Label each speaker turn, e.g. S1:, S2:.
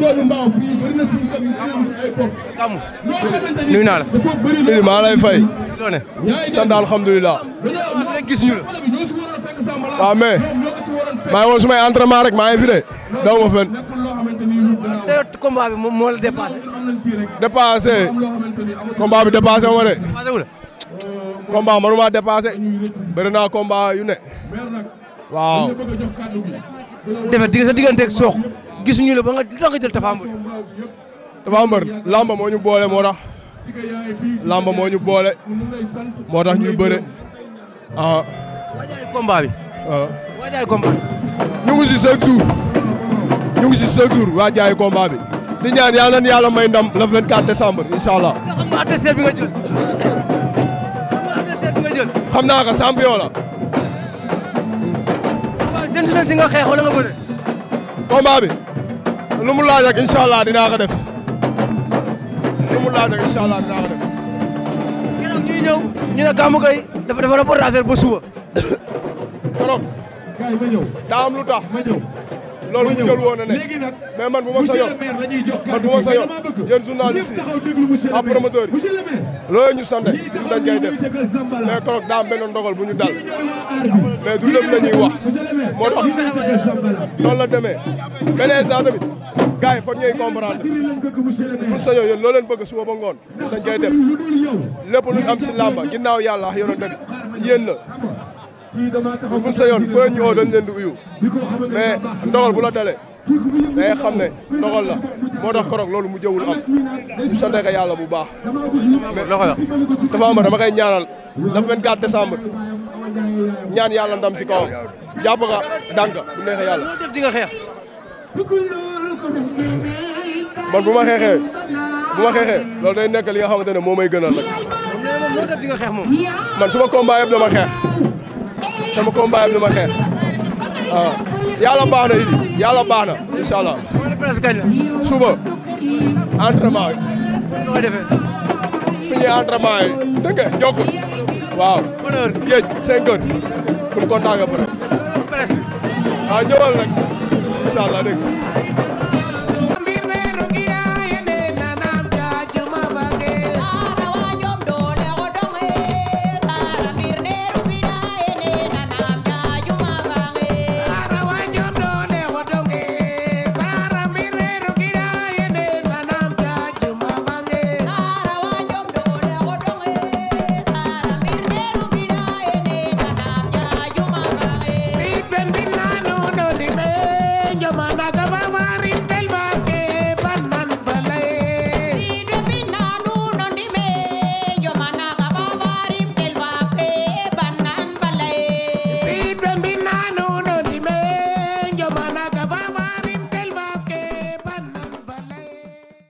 S1: jooju mbaaw ñu si ay maa lay fay. sant alhamdulilah. gis ñu maa ngi woon sumay entraînement rek maa ngi fi de daw ma fen combat bi moo la dépassé. dépassé combat bi dépassé wu ma de. Euh, combat manuma dépassé naa combat ne waaw. gisuñu la ba nga doon nga jël Tapha Mbeur. lamba moo ñu boole moo tax lamba moo ñu boole moo tax ñuy bëre a ah. waajaay combat bi. waaw ah. waajaay si chaque jour ñu ngi si chaque jour waajaay combat bi di ñaan yàlla na may ndam le 24 décembre incha allah. xam nga adversaire naa ko champion la. waaw lu mu laaj ak incha allah dinaa lu mu laaj ak incha allah dinaa ko def. keroog ñuy ñëw ñu ne Gamou Gueye dafa dafa rapport affaire ba suba. keroog daa am lu tax. loolu bu jël woon a ne man bu ma sa yoon man bu ma sa yoon yéen journaliste yi ak promoteur yi loolu ñu sante def mais koroog daa am benn ndogal dal mais du lépp dañuy wax moo tax loolu la demee beneen saa tamit gars yi foog ñuy comprendre pour sa yoon yéen loo leen ba ngoon dañ koy def lépp luñ am si la buñ sa yoon foo ñu oo dañ leen di uyu mais ndogal bu la dalee day xam ne ndogal la moo tax korog loolu mu jëwul am ñu sante ko yàlla bu baax mais loxo ya dafa am dama koy ñaanal le 24 décembre ñaan yàlla ndam si kawam jàpp nga daan ka bu neexee yàlla def di nga xeex man bu ma xeexee bu ma xeexee loolu day nekk li nga xamante ne moo may gënal rek man su ma combat yëpp dama xeex sama combat bi ma xeex waaw yàlla baax na Idi yàlla baax na incha allah. suba entraînement yi. suñuy entraînement yi dégg nga jokkul waaw. géej 5 heures pour kontaan nga pare. waaw ñëwal rek incha allah dégg